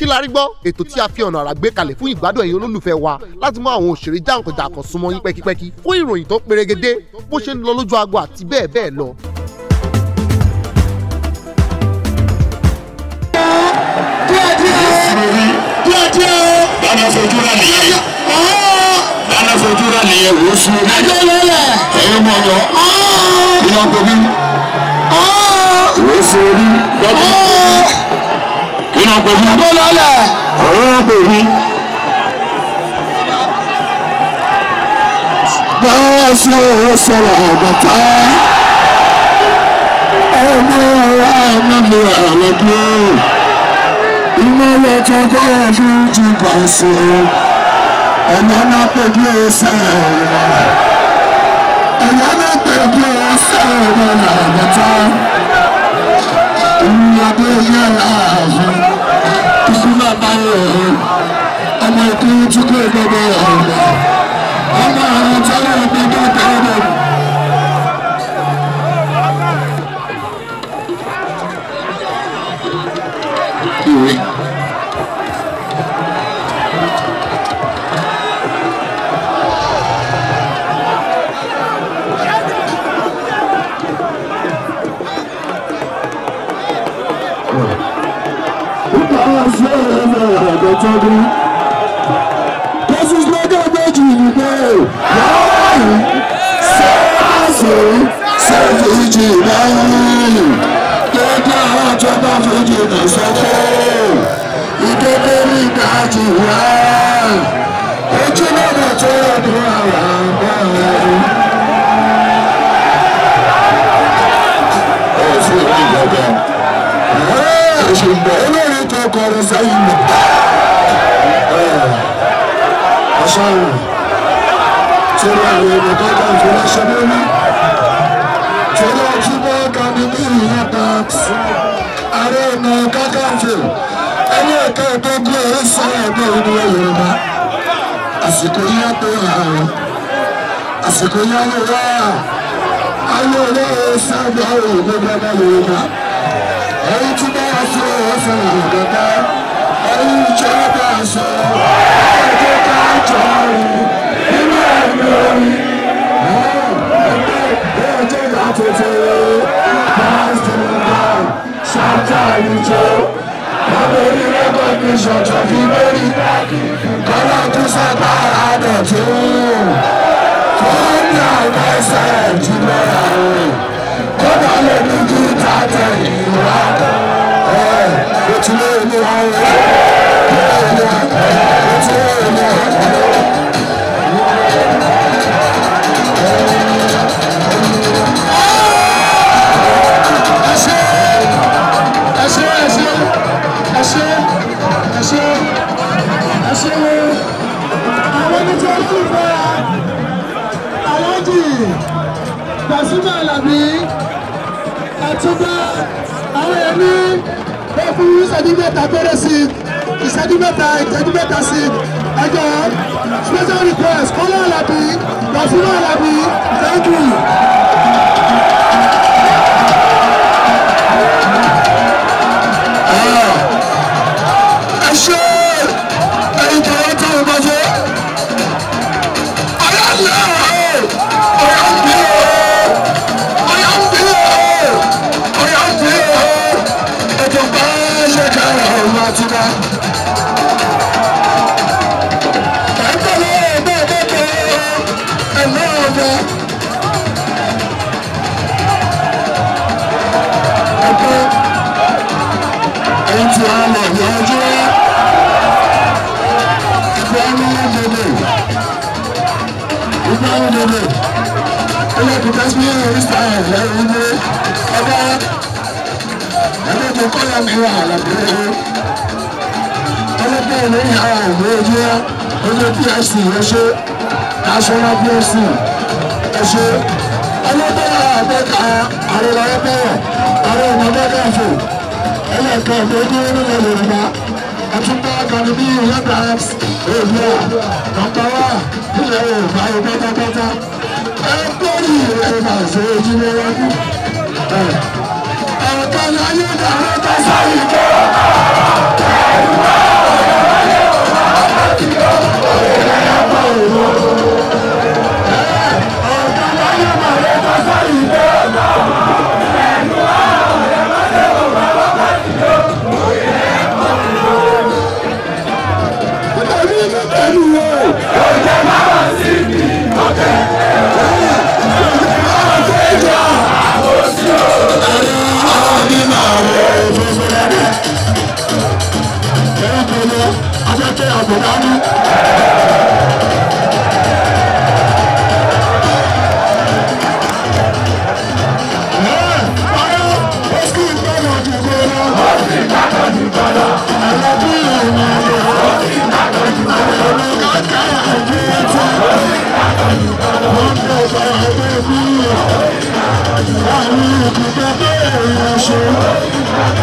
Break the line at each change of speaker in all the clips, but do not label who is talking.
kí la rí gbọ́ ètò tí a fi ọ̀nà àrà gbé kalẹ̀ fún ìgbádùn ẹ̀yin olólùfẹ́ wa láti mú àwọn òṣèré jàǹkànjàǹkàn súnmọ́ yín pẹ́kípẹ́kí fún ìròyìn tó perégedé bó ṣe ń lọ lójú agbo àti bẹ́ẹ̀ bẹ́ẹ̀ lọ. oh, fojú ra nìyẹn
lana fojú ra nìyẹn wò ó sún un ẹ̀yin mọ̀ yọ ìyá ọkọ mi wò ó sún un lọ́dún iná kò fi. àbọ̀ lọ́lẹ̀. ọ̀rọ̀ náà kò fi. báwo ṣe é sọ̀rọ̀ ọ̀gbọ̀tá ẹni ọ̀rọ̀ àmì mi àlọ́dún iná lọ́jọ́ bẹ́ẹ̀ ní ju bàṣẹ ẹ̀yà náà pẹ̀lú ẹsẹ̀ ẹ̀yà náà pẹ̀lú ẹsẹ̀ ẹ̀yà náà ìrìnàjò yẹ ààfin ìsúná báyọ̀ ọmọ ìkúrú tí kò gbọdọ̀ ọmọ Jésù lọ́jọ́ méjì tó yẹ Àrẹ̀lẹ̀ Bàbá Ìfọláṣẹ́lórí. Tẹ́lẹ̀ Jíbọ́ Kàmíkìrì Yàtà. Ààrẹ Ọ̀nà Kakanfò. Ẹni ẹ̀ka ìtọ́jú ẹ̀rọ sọ ẹ̀dọ́ ìdúró Yorùbá. Àsìkò yá tó ààrẹ. Àsìkò yá ló wá. Ayé olóore sábà òun ló gbọ́dọ̀ Yorùbá. Ẹ̀yin tí bá wá sí ọ̀rọ̀ fún ìgbàgbá. Ẹ̀yin ìjọba sọ. ṣọ̀tọ̀ fi lórí kọ́lá tó sábà àdọ̀tí kọ́ńdà mẹ́sẹ̀ jùlọ àwọn kọ́ńdà lè ní kí tàtẹ̀ ìwà ẹ̀ ètùlẹ̀ ìlú àwọn ètùlẹ̀ ìlú àwọn ètùlẹ̀ ìlú àwọn. òkè Pasuma Alabi àtúbà àwọn ẹni ó fún ìṣẹ́jú mẹ́ta péré sí ìṣẹ́jú mẹ́ta ìṣẹ́jú mẹ́ta sí ẹjọ́ special request Kọ́lá Alabi Pasuma Alabi thank you. ìfẹ́sí Orísun ẹ̀rẹ́ ilé ọgbẹ́ ẹlẹ́gbẹ́ kọ́lá mi wà lọ́dún ẹlẹ́gbẹ́ ìlú ìhà òwe yẹ ojú pfc ẹṣẹ national pfc ẹṣẹ ẹlẹ́gbẹ́ àbẹ́ka àrẹ̀lá ẹgbẹ́ àrẹ ìmọ̀lẹ́ kẹfù ẹlẹ́gbẹ́ ìgbẹ́gbẹ́ nílẹ̀ Yorùbá ẹtúgbà kàní bí ìyá bàbá èèyàn nàmbà wà nílẹ̀ Yorùbá ẹgbẹ́ pátápátá ìrètò máa ṣe ojú ní wájú. ọ̀kan láyé dàrú tó sáré kí ọ̀kan ẹ̀rù wá. wọ́n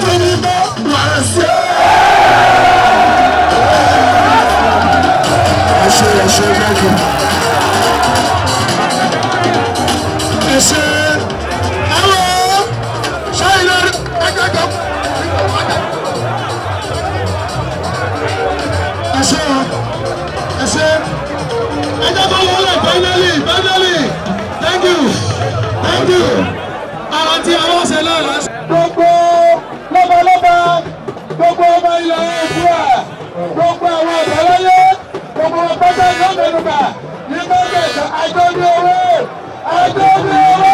tún ní bá buhari sí ẹ́. ẹ ṣe ẹ ṣe mẹ́jọ. ẹ ṣe ẹ̀rọ ṣáyìn lórí ẹgbẹ́ kan. ẹ ṣe ẹ finally finally thank you thank you
tí a wọ́n ṣe lọ́la. gbogbo lọ́balọ́ba gbogbo ọba ilẹ̀ òkúra gbogbo àwọn àbáláyé gbogbo wọn pátá ní ọ̀mẹ́nuba ní mẹ́tẹ̀ẹ̀ta àjọ ní
owó àjọ ní owó.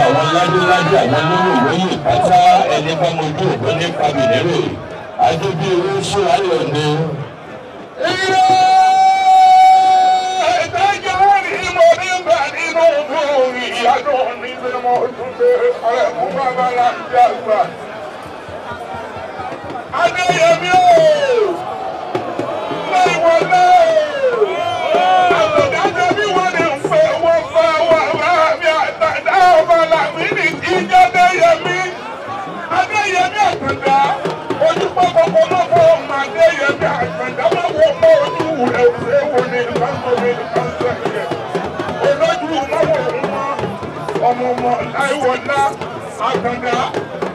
àwọn lájúlájú àwọn lórí ìwéyìn pátá ẹni bá mojú òbí nípa mìíràn àjọ bí owó sùn ayọ̀ ni.
Adon ni le mo tu be ala mu ba ba la ja ba. ọmọ ọmọ láìwọlá àgàndá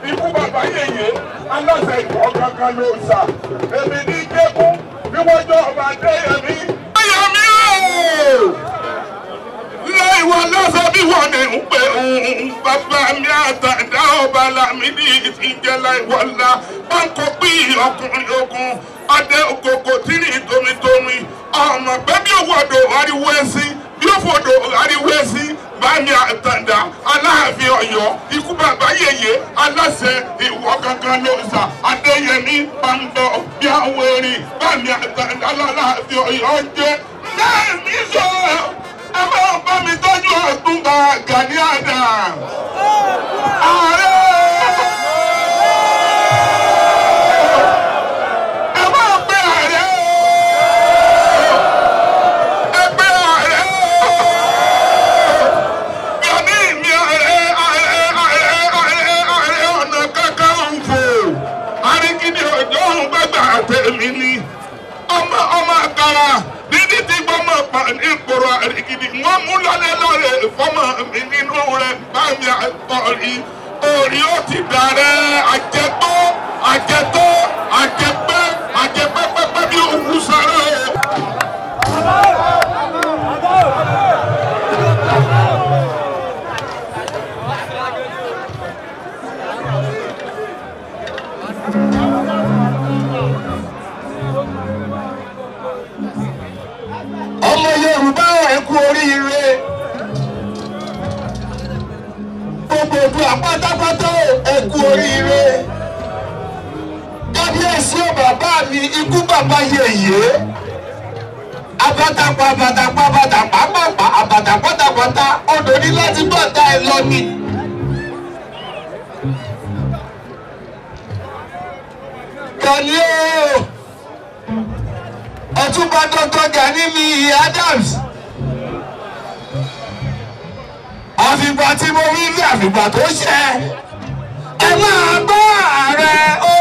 ikú bàbá yèyé aláṣẹ ìwọ kankan ló sà èmi ní jẹ́kú bí wọ́n jọ ọba adéyẹmí. ayọ̀mí ooo láìwọ lọ́sọ̀ bí wọ́n ní ń pè ń bàbá mi àtàndá ọba làmídì ìsìnjẹ́ láìwọlá bá ń kọ́ pé ọkùnrin ogun adé ògògò tí ní tomitomi ọmọ gbẹ́bí òwòdò ariwo ẹ̀sìn bí ó fòdò ariwo ẹ̀sìn báàmì àtàndá aláàfin Ọ̀yọ́ ikú bàbá yèyé aláṣẹ ìwọ gangan ló ń sà adéyẹmí pàǹdọ bí àwọn èrè báàmì àtàndá aláàfin Ọ̀yọ́ ń jẹ náà ní sọ. ọlọ́run gbàgbà àtẹ̀mí ni ọmọ ọmọ àkàrà dídí ti gbọmọ pa ní ìkòrò àrígidì wọn mú lọlẹ lọrẹ fọmọ mi nínú rẹ báyìí àtọrí orí ó ti dàrẹ àjẹtó àjẹtó àjẹpẹ àjẹpẹpẹpẹ bí òkú sáré. mi ikú bàbá yèyé abatapa abatapa abatapa abatapa abatapatapata odò ní láti bàtà ẹ lọ ni. Gani ooo ọ̀túnba Dr. Gani Miyi Adams àfìgbà tí mo wí ní àfìgbà tó ṣe ẹ máa gbọ́ ààrẹ ó.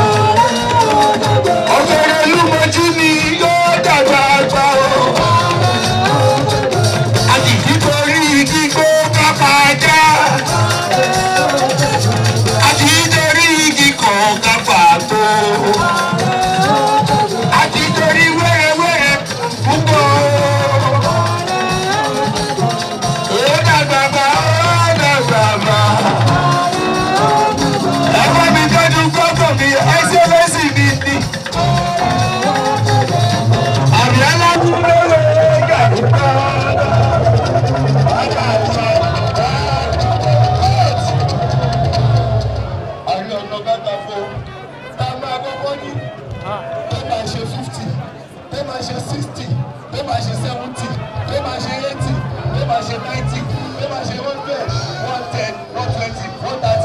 fifty tẹ́ máa ṣe sixty tẹ́ máa ṣe seventy tẹ́ máa ṣe eighty tẹ́ máa ṣe ninety tẹ́ máa ṣe one hundred one ten one twenty one thirty.